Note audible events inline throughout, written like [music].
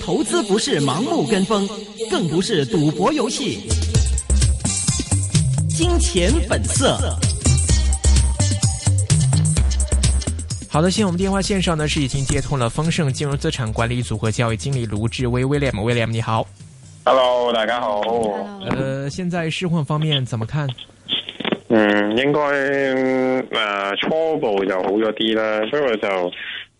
投資不是盲目跟風，更不是賭博遊戲。金錢本色。好的，現在我們電話線上呢是已經接通了豐盛金融資產管理組合交易經理盧志威 William，William 你好，Hello，大家好。呃，現在市況方面怎麼看？嗯，應該誒、嗯、初步就好咗啲啦，所以我就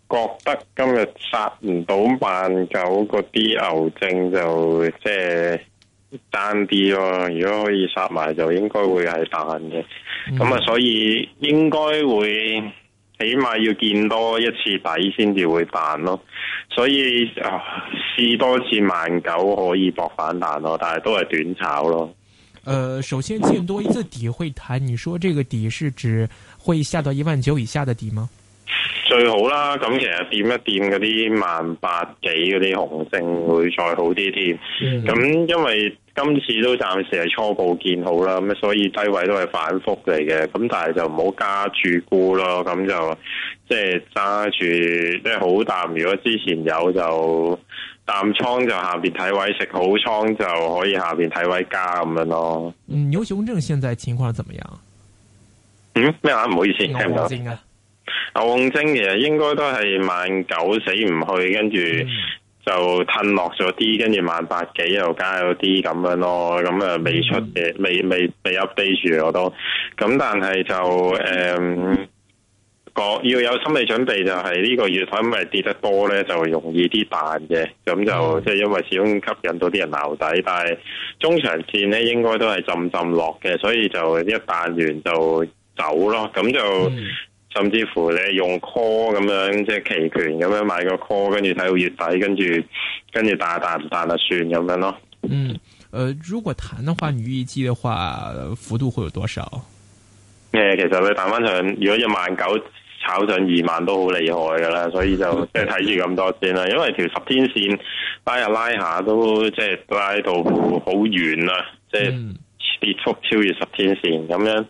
覺得今日殺唔到萬九嗰啲牛證就即係、就是、單啲咯，如果可以殺埋就應該會係彈嘅，咁、嗯、啊所以應該會起碼要見多一次底先至會彈咯，所以、呃、試多次萬九可以搏反彈咯，但係都係短炒咯。呃、首先見多一次底會彈，你說這個底是指會下到一萬九以下的底嗎？最好啦，咁其實掂一掂嗰啲萬八幾嗰啲紅勝會再好啲添。咁因為今次都暫時係初步見好啦，咁所以低位都係反复嚟嘅。咁但係就唔好加注沽咯，咁就即係揸住即係好淡。如果之前有就。淡倉就下邊睇位食，好倉就可以下邊睇位加咁樣咯。嗯，牛熊證現在情況怎麼樣？嗯，咩話？唔好意思，聽唔到。牛熊證其實應該都係萬九死唔去，跟住就褪落咗啲，跟住萬八幾又加咗啲咁樣咯。咁啊未出嘅，未未未 update 住我都。咁但係就誒。嗯要有心理準備，就係呢個月頭因為跌得多呢，就容易啲彈嘅。咁就即係、嗯、因為始終吸引到啲人留底，但係中長線呢應該都係浸浸落嘅，所以就一彈完就走咯。咁就甚至乎你用 call 咁樣，即係期權咁樣買個 call，跟住睇到月底，跟住跟住大彈唔彈就算咁樣咯。嗯、呃、如果彈的話，預期嘅話，幅度會有多少？呃、其實你彈翻上，如果一萬九。跑上二萬都好厲害㗎啦，所以就即係睇住咁多先啦。因為條十天線拉下拉下都即係拉到好遠啦，即係跌速超越十天線咁樣，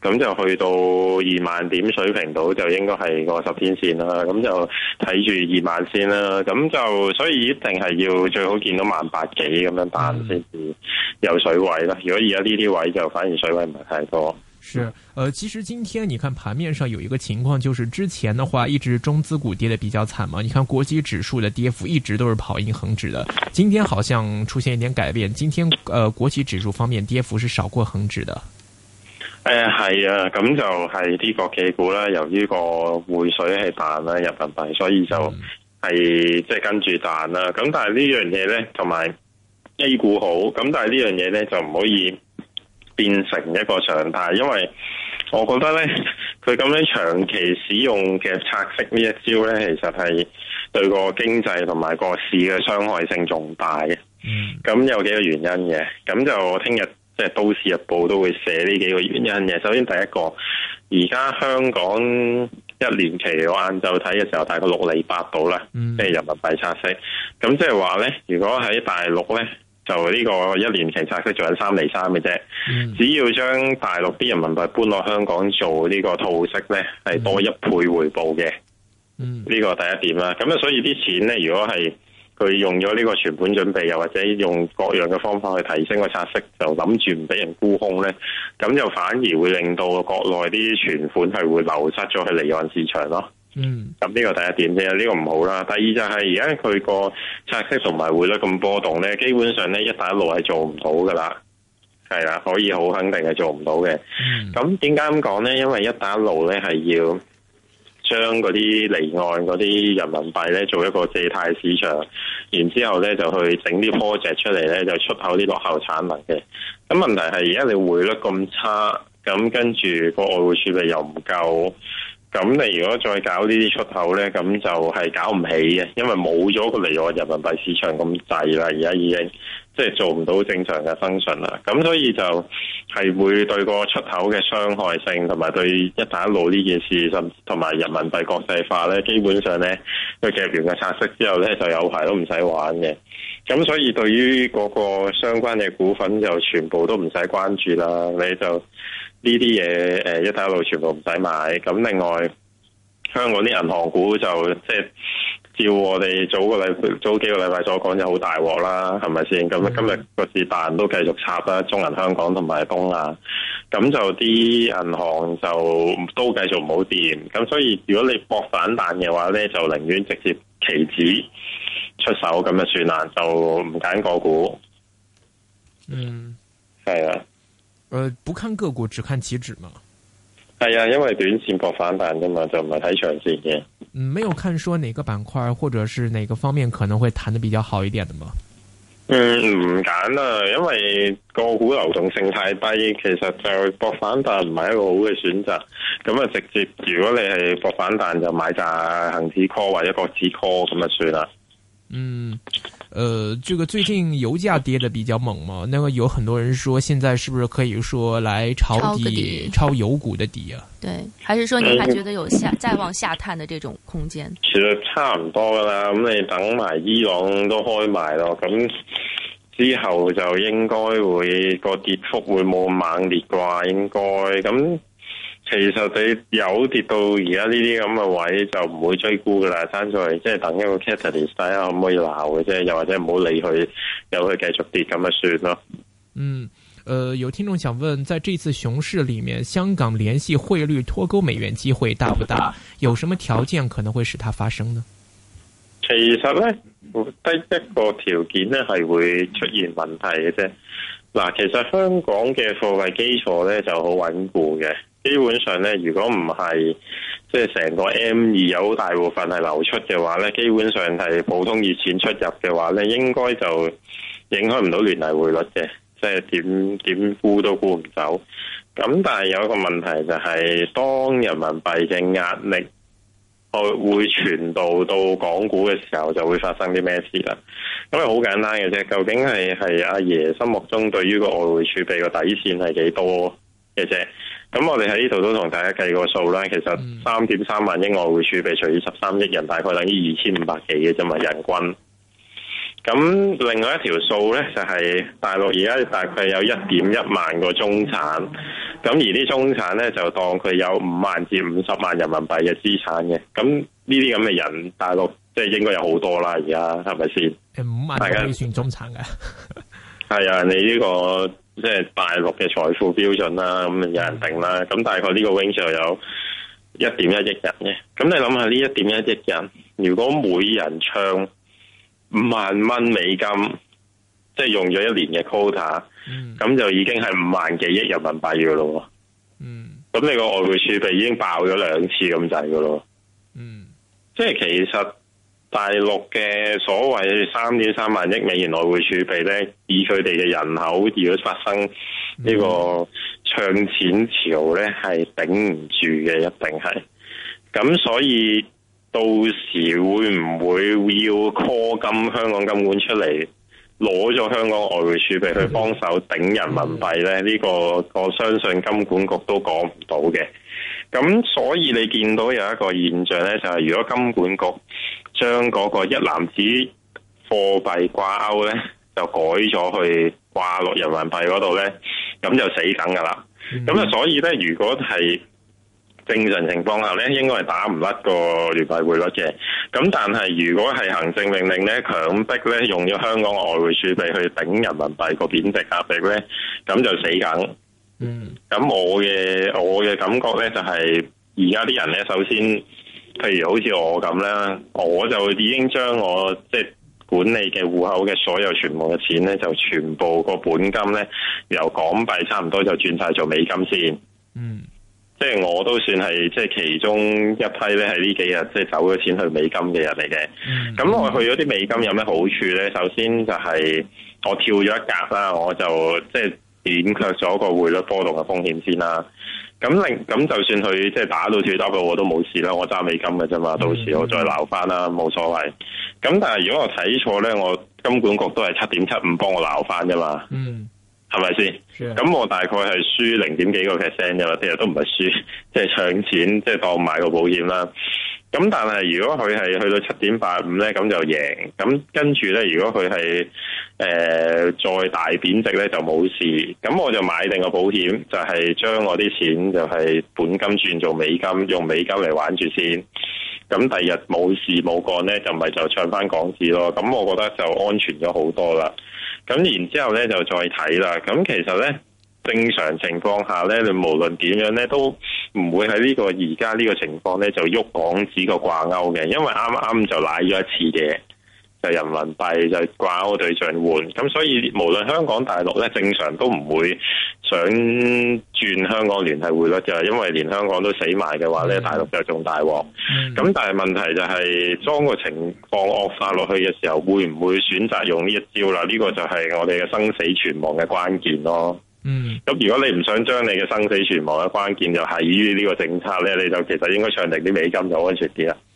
咁就去到二萬點水平度就應該係個十天線啦。咁就睇住二萬先啦。咁就所以一定係要最好見到萬八幾咁樣彈先至有水位啦。如果而家呢啲位就反而水位唔係太多。是，呃，其實今天你看盤面上有一個情況，就是之前的話一直中資股跌得比較慘嘛，你看國企指數的跌幅一直都是跑贏恒指的，今天好像出現一點改變，今天，呃，國企指數方面跌幅是少過恒指的。誒、哎、係啊，咁就係啲國企股啦，由於個匯水係彈啦，入人民幣，所以就係即係跟住彈啦。咁但係呢樣嘢咧，同埋 A 股好，咁但係呢樣嘢咧就唔可以。變成一個常態，因為我覺得咧，佢咁樣長期使用嘅拆息呢一招咧，其實係對個經濟同埋個市嘅傷害性重大嘅。咁、嗯、有幾個原因嘅，咁就聽日即係《就是、都市日報》都會寫呢幾個原因嘅。首先第一個，而家香港一年期我晏晝睇嘅時候，大概六厘八度啦，即、嗯、係人民幣拆息。咁即係話咧，如果喺大陸咧，就呢個一年期拆息做緊三厘三嘅啫，只要將大陸啲人民幣搬落香港做呢個套息呢係多一倍回報嘅。呢個第一點啦，咁啊所以啲錢呢，如果係佢用咗呢個存款準備，又或者用各樣嘅方法去提升個拆息，就諗住唔俾人沽空呢。咁就反而會令到國內啲存款係會流失咗去離岸市場咯。嗯，咁呢個第一點啫，呢個唔好啦。第二就係而家佢個拆息同埋匯率咁波動咧，基本上咧一帶一路係做唔到噶啦，係啦，可以好肯定係做唔到嘅。咁點解咁講咧？因為一帶一路咧係要將嗰啲離岸嗰啲人民幣咧做一個借貸市場，然之後咧就去整啲 project 出嚟，咧就出口啲落後產能嘅。咁問題係而家你匯率咁差，咁跟住個外匯儲備又唔夠。咁你如果再搞呢啲出口呢，咁就係搞唔起嘅，因為冇咗個離岸人民幣市場咁滯啦，而家已經即係、就是、做唔到正常嘅生信啦。咁所以就係會對個出口嘅傷害性，同埋對一帶一路呢件事，同同埋人民幣國際化咧，基本上呢都夾住嘅拆息之後呢，就有排都唔使玩嘅。咁所以對於嗰個相關嘅股份，就全部都唔使關注啦。你就。呢啲嘢誒一睇一路全部唔使買，咁另外香港啲銀行股就即係、就係、照我哋早個禮早幾個禮拜所講，就好大鑊啦，係咪先？咁今日個市大彈都繼續插啦，中銀香港同埋東亞，咁就啲銀行就都繼續唔好掂。咁所以如果你搏反彈嘅話咧，就寧願直接期指出手咁就算啦，就唔揀個股。嗯、mm-hmm.，係啊。呃，不看個股，只看期指嘛？係啊，因為短線博反彈㗎嘛，就唔係睇長線嘅。嗯，沒有看說哪個板塊或者是哪個方面可能會彈得比較好一點的嘛？嗯，唔揀啦，因為個股流動性太低，其實就博反彈唔係一個好嘅選擇。咁啊，直接如果你係博反彈就買扎恒指 call 或者國指 call 咁就算啦。嗯。呃，這個最近油價跌得比較猛嘛，那個有很多人說現在是不是可以說來抄底抄油股的底啊？對，還是說你還覺得有下再、嗯、往下探的這種空間？其實差唔多噶啦，咁你等埋伊朗都開埋咯，咁之後就應該會個跌幅會冇咁猛烈啩，應該咁。那其實你有跌到而家呢啲咁嘅位，就唔會追沽噶啦，爭在即係等一個 catalyst 睇下可唔可以鬧嘅啫，又或者唔好理佢，由佢繼續跌咁啊算咯。嗯，呃，有聽眾想問，在這次熊市裏面，香港聯繫匯率脫鈎美元機會大不大？有什麼條件可能會使它發生呢？其實咧，第一個條件咧係會出現問題嘅啫。嗱，其實香港嘅貨幣基礎咧就好穩固嘅。基本上咧，如果唔係即係成個 M 二有大部分係流出嘅話咧，基本上係普通熱錢出入嘅話咧，應該就影響唔到聯繫匯率嘅，即係點點估都估唔走，咁但係有一個問題就係、是，當人民幣嘅壓力會傳導到港股嘅時候，就會發生啲咩事啦？因為好簡單嘅啫，究竟係係阿爺心目中對於個外匯儲備個底線係幾多嘅啫？咁、嗯、我哋喺呢度都同大家計個數啦，其實三點三萬億外匯儲備除以十三億人，大概等於二千五百幾嘅啫嘛，人均。咁另外一條數咧，就係、是、大陸而家大概有一點一萬個中產，咁、嗯、而啲中產咧就當佢有五萬至五十萬人民幣嘅資產嘅，咁呢啲咁嘅人，大陸即係應該有好多啦，而家係咪先？五萬，大家算中產㗎。 [laughs] 係啊，你呢個即係大陸嘅財富標準啦，咁啊有人定啦。咁、mm-hmm. 大概呢個 Wings 就有一點一億人嘅。咁你諗下呢一點一億人，如果每人唱五萬蚊美金，即係用咗一年嘅 quota，咁、mm-hmm. 就已經係五萬幾億人民幣嘅咯。嗯。咁你個外匯儲備已經爆咗兩次咁滯㗎咯。嗯、mm-hmm。即係其實。大陸嘅所謂三點三萬億美元外匯儲備呢，以佢哋嘅人口，如果發生呢個搶錢潮呢，係頂唔住嘅，一定係。咁所以到時會唔會要 call 金香港金管出嚟攞咗香港外匯儲備去幫手頂人民幣呢？呢、呢個我相信金管局都講唔到嘅。咁所以你見到有一個現象呢，就係、是、如果金管局將嗰個一籃子貨幣掛鈎咧，就改咗去掛落人民幣嗰度咧，咁就死梗噶啦。咁啊，所以咧，如果係正常情況下咧，應該係打唔甩個聯幣匯率嘅。咁但係如果係行政命令咧，強迫咧，用咗香港外匯儲備去頂人民幣個貶值壓力咧，咁就死梗。嗯。咁我嘅我嘅感覺咧，就係而家啲人咧，首先。譬如好似我咁啦，我就已經將我即係管理嘅戶口嘅所有全部嘅錢咧，就全部個本金咧，由港幣差唔多就轉晒做美金先。嗯，即係我都算係即係其中一批咧，喺呢幾日即係走咗錢去美金嘅人嚟嘅。咁、mm-hmm. 我去咗啲美金有咩好處咧？首先就係我跳咗一格啦，我就即係免卻咗個匯率波動嘅風險先啦。咁另咁就算佢即係打到最多個我都冇事啦，我揸美金嘅啫嘛，到時我再撈翻啦，冇所謂。咁但係如果我睇錯咧，我金管局都係七點七五幫我撈翻啫嘛，嗯，係咪先？咁我大概係輸零點幾個 percent 嘅啦，其實都唔係輸，即係搶錢，即係當買個保險啦。咁但係如果佢係去到七點八五咧，咁就贏。咁跟住咧，如果佢係、呃、再大貶值咧，就冇事。咁我就買定個保險，就係、是、將我啲錢就係本金轉做美金，用美金嚟玩住先。咁第二日冇事冇幹咧，就咪就唱翻港紙咯。咁我覺得就安全咗好多啦。咁然之後咧就再睇啦。咁其實咧。正常情況下咧，你無論點樣咧，都唔會喺呢、呢個而家呢個情況咧就喐港紙個掛鈎嘅，因為啱啱就瀨咗一次嘅，就是、人民幣就掛鈎對象換，咁所以無論香港大陸咧，正常都唔會想轉香港聯繫匯率嘅，因為連香港都死埋嘅話咧，大陸就仲大鑊。咁但係問題就係、是、當個情況惡化落去嘅時候，會唔會選擇用呢一招啦？呢、呢個就係我哋嘅生死存亡嘅關鍵咯。嗯，咁如果你唔想將你嘅生死存亡嘅關鍵就繫於呢個政策咧，你就其實應該唱定啲美金就安全啲啦。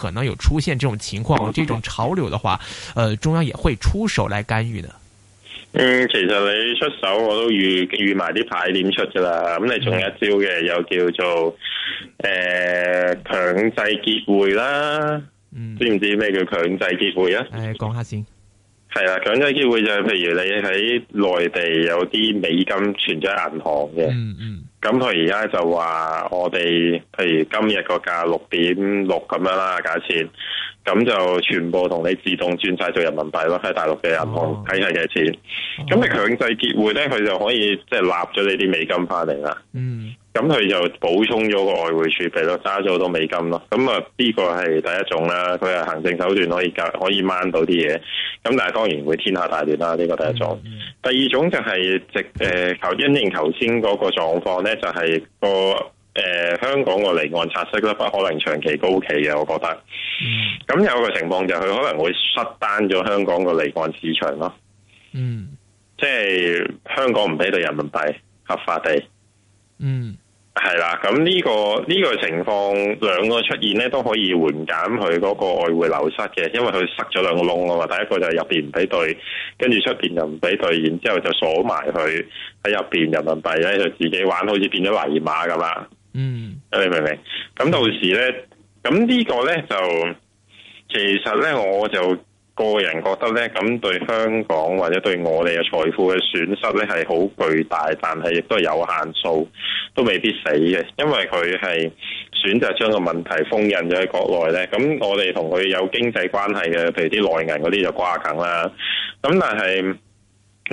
可能有出現這種情況，這種潮流的話，呃，中央也會出手來干預的。嗯，其實你出手我都預預埋啲牌點出噶啦咁你仲有一招嘅，又、嗯、叫做誒、呃、強制結匯啦。嗯，知唔知咩叫強制結匯啊？誒、哎，講下先。係啦，強制結匯就係、是、譬如你喺內地有啲美金存咗喺銀行嘅。嗯嗯。咁佢而家就話我哋，譬如今日個價六點六咁樣啦，價錢咁就全部同你自動轉晒做人民幣咯，喺大陸嘅銀行睇係幾錢。咁你強制結匯咧，佢就可以即係立咗你啲美金翻嚟啦。嗯。咁佢就補充咗個外匯儲備咯，揸咗好多美金咯。咁啊，呢個係第一種啦。佢係行政手段可以夾可以掹到啲嘢。咁但係當然會天下大亂啦。呢個第一種。Mm-hmm. 第二種就係直誒，求因應頭先嗰個狀況咧，就是，就係個誒香港個離岸拆息咧，不可能長期高企嘅。我覺得。咁、mm-hmm. 有個情況就係、是，佢可能會失單咗香港個離岸市場咯。嗯。即係香港唔俾對人民幣合法地。嗯、mm-hmm. 係啦，咁呢、這個呢、這個情況兩個出現咧，都可以緩減佢嗰個外匯流失嘅，因為佢塞咗兩個窿啊嘛。第一個就係入邊唔俾兌，跟住出邊又唔俾兌，然之後，後就鎖埋佢喺入邊人民幣咧就自己玩，好似變咗泥馬咁啦。嗯，你明唔明？咁到時咧，咁呢個咧就其實咧我就。個人覺得咧，咁對香港或者對我哋嘅財富嘅損失咧係好巨大，但係亦都係有限數，都未必死嘅，因為佢係選擇將個問題封印咗喺國內咧。咁我哋同佢有經濟關係嘅，譬如啲內銀嗰啲就掛緊啦。咁但係。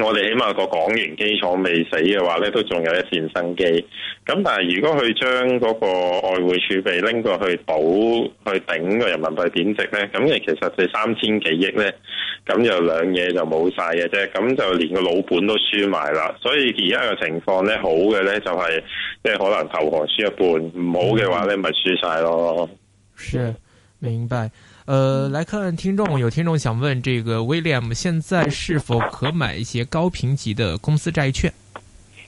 我哋起碼個港元基礎未死嘅話咧，都仲有一線生機。咁但係如果佢將嗰個外匯儲備拎過去賭、去頂個人民幣貶值咧，咁其實佢三千幾億咧，咁就兩嘢就冇晒嘅啫。咁就連個老本都輸埋啦。所以而家嘅情況咧、就是，好嘅咧就係即係可能投降輸一半，唔好嘅話咧咪輸晒咯。是，明白。呃，來看聽眾，有聽眾想問，這個 William 現在是否可買一些高評級的公司債券？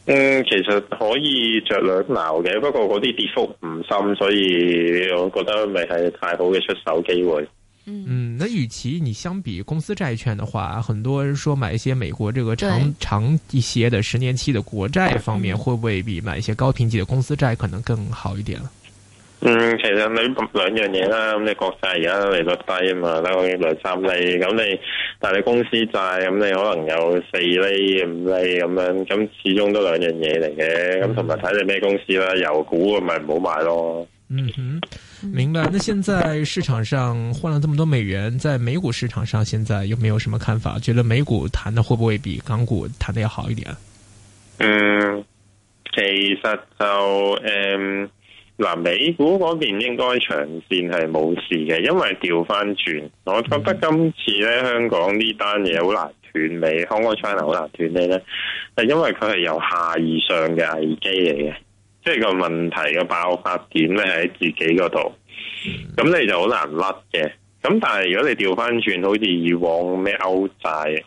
嗯，其實可以着兩鬧嘅，不過嗰啲跌幅唔深，所以我覺得未係太好嘅出手機會。嗯，那與其你相比公司債券的話，很多人說買一些美國這個長長一些嘅十年期嘅國債方面，會唔會比買一些高評級嘅公司債可能更好一點呢？嗯，其實你兩樣嘢啦，咁你國債而家利率低啊嘛，嗱我哋兩三厘，咁你但係你公司債，咁你可能有四厘、五厘咁樣，咁始終都兩樣嘢嚟嘅，咁同埋睇你咩公司啦，油、嗯、股嘅咪唔好買咯。嗯哼，明白。那現在市場上換了這麼多美元，在美股市場上，現在有沒有什麼看法？覺得美股彈得會不會比港股彈得要好一點？嗯，其實就誒。嗯。嗱、啊，美股嗰邊應該長線係冇事嘅，因為調翻轉，我覺得今次咧香港呢單嘢好難斷尾，Hong Kong China 好難斷尾咧，係因為佢係由下而上嘅危機嚟嘅，即係個問題嘅爆發點咧喺自己嗰度，咁你就好難甩嘅。咁但係如果你調翻轉，好似以往咩歐債。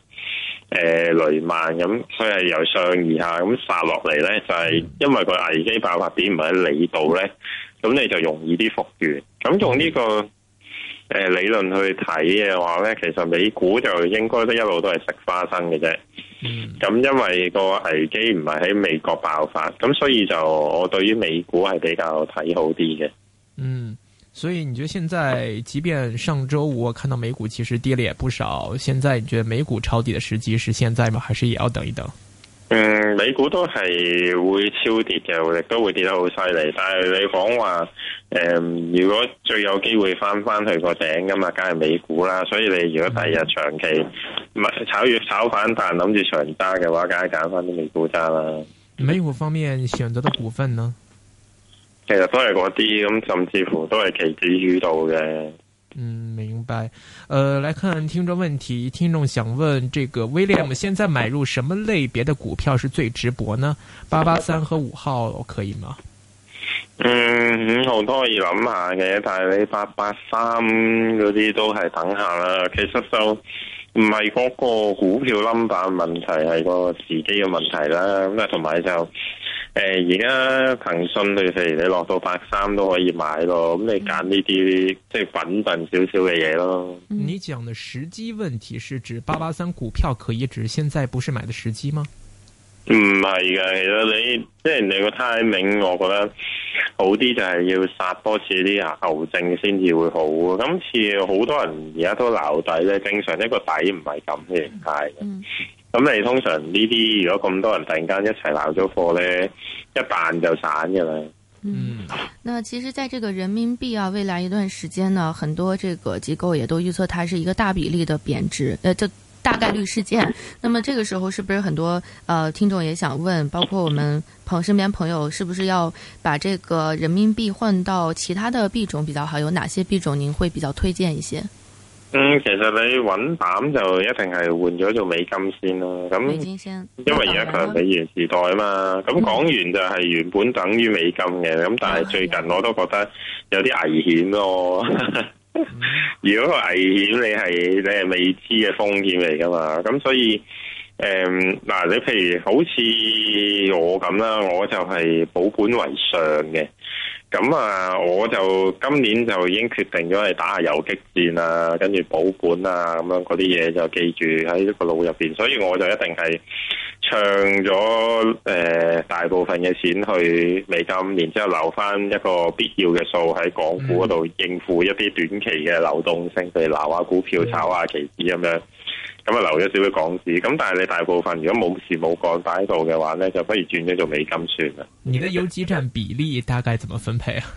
誒、呃、雷曼咁，佢係由上而下咁殺落嚟咧，就係、是、因為個危機爆發點唔喺你度咧，咁你就容易啲復原。咁用呢、這個誒、呃、理論去睇嘅話咧，其實美股就應該都一路都係食花生嘅啫。咁因為個危機唔係喺美國爆發，咁所以就我對於美股係比較睇好啲嘅。所以你覺得現在，即便上周五我看到美股其實跌了也不少，現在你覺得美股抄底的時機是現在嗎？還是也要等一等？嗯，美股都係會超跌嘅，亦都會跌得好犀利。但係你講話，誒、嗯，如果最有機會翻翻去個頂噶嘛，梗係美股啦。所以你如果第二日長期唔係、嗯、炒越炒反彈諗住長揸嘅話，梗係揀翻啲美股揸啦。美股方面選擇的股份呢？其實都係嗰啲咁，甚至乎都係其子遇到嘅。嗯，明白。呃，來看聽眾問題，聽眾想問：，這個 William 現在買入什麼類別的股票是最值博呢？八八三和五號可以嗎？嗯，都可以諗下嘅，但係你八八三嗰啲都係等下啦。其實就唔係嗰個股票 number 問題，係個時機嘅問題啦。咁啊，同埋就。誒、呃，而家騰訊佢哋你落到八三都可以買咯，咁你揀呢啲即係穩陣少少嘅嘢咯。你講嘅時機問題是指八八三股票可以指現在不是買嘅時機嗎？唔係嘅，其實你即係你個 timing，我覺得好啲就係要殺多次啲牛證先至會好。今次好多人而家都留底咧，正常一個底唔係咁氣界嘅。嗯嗯咁你通常呢啲如果咁多人突然間一齊鬧咗貨咧，一辦就散噶啦。嗯，那其實，在這個人民幣啊，未來一段時間呢，很多這個機構也都預測它是一個大比例的貶值，呃，就大概率事件。那麼這個時候，是不是很多，呃，聽眾也想問，包括我們朋身邊朋友，是不是要把這個人民幣換到其他的幣種比較好？有哪些幣種您會比較推薦一些？嗯，其實你穩膽就一定係換咗做美金先咯，咁因為而家佢係美元時代啊嘛，咁港元就係原本等於美金嘅，咁但係最近我都覺得有啲危險咯。如果危險，你係你係未知嘅風險嚟噶嘛，咁所以誒嗱，你譬如好似我咁啦，我就係保本為上嘅。咁啊，我就今年就已經決定咗係打下游擊戰啊，跟住保管啊，咁樣嗰啲嘢就記住喺一個腦入邊，所以我就一定係唱咗誒大部分嘅錢去美金，然之後留翻一個必要嘅數喺港股嗰度應付一啲短期嘅流動性，譬如拿下股票、嗯、炒下期指咁樣。咁啊留咗少少港紙，咁但係你大部分如果冇事冇幹擺喺度嘅話咧，就不如轉咗做美金算啦。你嘅游資佔比例大概怎麼分配啊？ [laughs]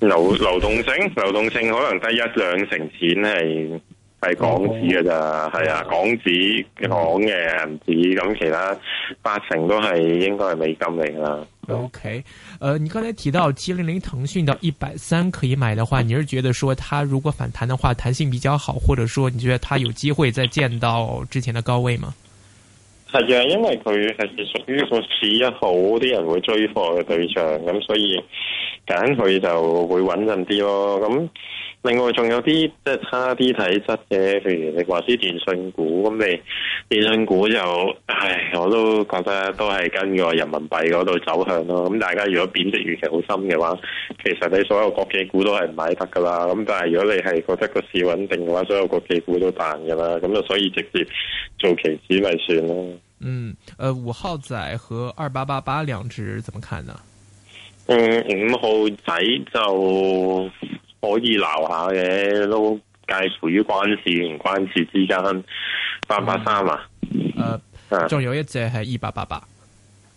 流流動性，流動性可能得一兩成錢係。係港紙嘅咋，係、哦、啊，港紙、嗯、港嘅銀紙咁，其他八成都係應該係美金嚟噶啦。O K，誒，你剛才提到七零零騰訊到一百三可以買嘅話，你係覺得說，它如果反彈嘅話，彈性比較好，或者說你覺得它有機會再見到之前的高位嗎？係啊，因為佢係屬於個市一好，啲人會追貨嘅對象，咁所以。揀佢就會穩陣啲咯。咁另外仲有啲即係差啲體質嘅，譬如你話啲電信股咁，你電信股就唉，我都覺得都係跟個人民幣嗰度走向咯。咁大家如果貶值預期好深嘅話，其實你所有國企股都係唔買得噶啦。咁但係如果你係覺得個市穩定嘅話，所有國企股都彈噶啦。咁就所以直接做期指咪算咯。嗯，誒、呃，五號仔和二八八八兩隻，怎麼看呢？嗯，五、嗯、號仔就可以留下嘅，都介乎於關事唔關事之間，八八三啊，誒、嗯，仲、呃、有一隻係二八八八，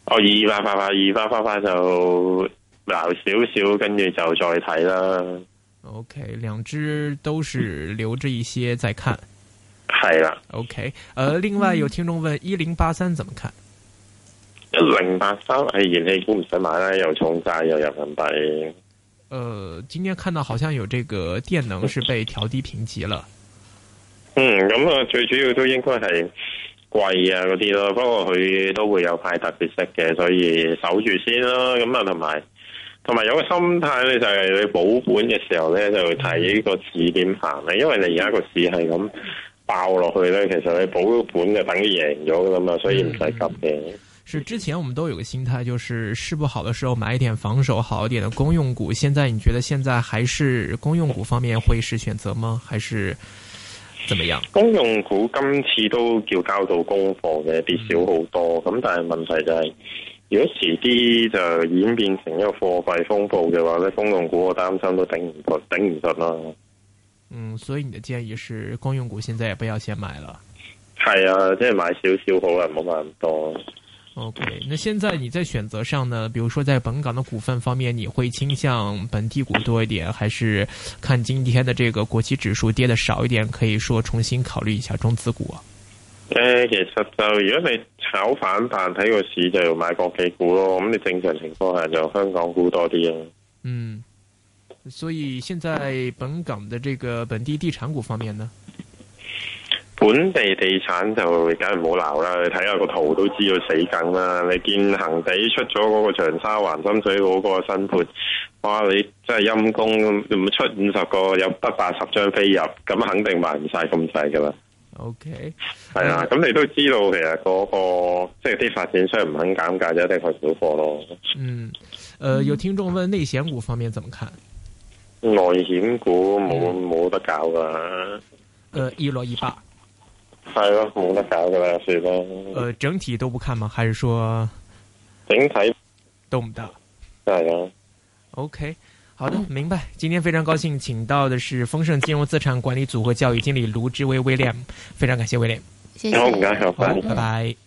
哦，二八八八，二八八八就留少少，跟住就再睇啦。OK，兩隻都是留着一些再看，係啦。OK，誒、呃，另外有聽眾問一零八三怎麼看？一零八三係燃氣股，唔使買啦，又重債又人民幣。誒、呃，今天看到好像有這個電能是被調低評級了。 [laughs] 嗯，咁、嗯、啊、嗯，最主要都應該係貴啊嗰啲咯。不過佢都會有派特別息嘅，所以守住先啦。咁、嗯、啊，同埋同埋有個心態咧，就係你保本嘅時候咧，就會睇個市點行啦。因為你而家個市係咁爆落去咧，其實你保本就等於贏咗噶啦嘛，所以唔使急嘅。嗯是之前我們都有個心態，就是市不好的時候買一點防守好一點的公用股。現在你覺得現在還是公用股方面會是選擇嗎？還是怎麼樣？公用股今次都叫交到功課嘅，跌少好多。咁、嗯、但係問題就係、是，如果遲啲就演變成一個貨幣風暴嘅話咧，公用股我擔心都頂唔住，頂唔順啦。嗯，所以你的建議是公用股現在也不要先買了。係啊，即、就、係、是、買少少好啊，唔好買咁多。OK，那現在你在選擇上呢？比如說在本港的股份方面，你會傾向本地股多一點，還是看今天的這個國企指數跌得少一點，可以說重新考慮一下中資股啊？誒，其實就如果你炒反彈睇個市，就要買國企股咯。咁你正常情況下就香港股多啲啊。嗯，所以現在本港的這個本地地產股方面呢？本地地產就梗係唔好鬧啦，你睇下、那個圖都知道死梗啦。你見恒地出咗嗰個長沙灣深水埗嗰個新盤，哇！你真係陰功，唔出五十個有得八十張飛入，咁肯定賣唔晒咁滯噶啦。OK，係啊，咁你都知道其實嗰、那個即係啲發展商唔肯減價，就一定係小貨咯。嗯，誒、呃，有聽眾問內險股方面怎麼看？內險股冇冇、嗯、得搞噶？誒、呃，一羅一八。係咯，冇得搞㗎喇，算啦。呃，整體都不看嗎？還是說？整體都唔得，係啊，OK，好的、嗯，明白。今天非常高興，請到的是豐盛金融資產管理組合教育經理盧志威 William，非常感謝 William，謝謝好謝謝，拜拜。嗯，拜拜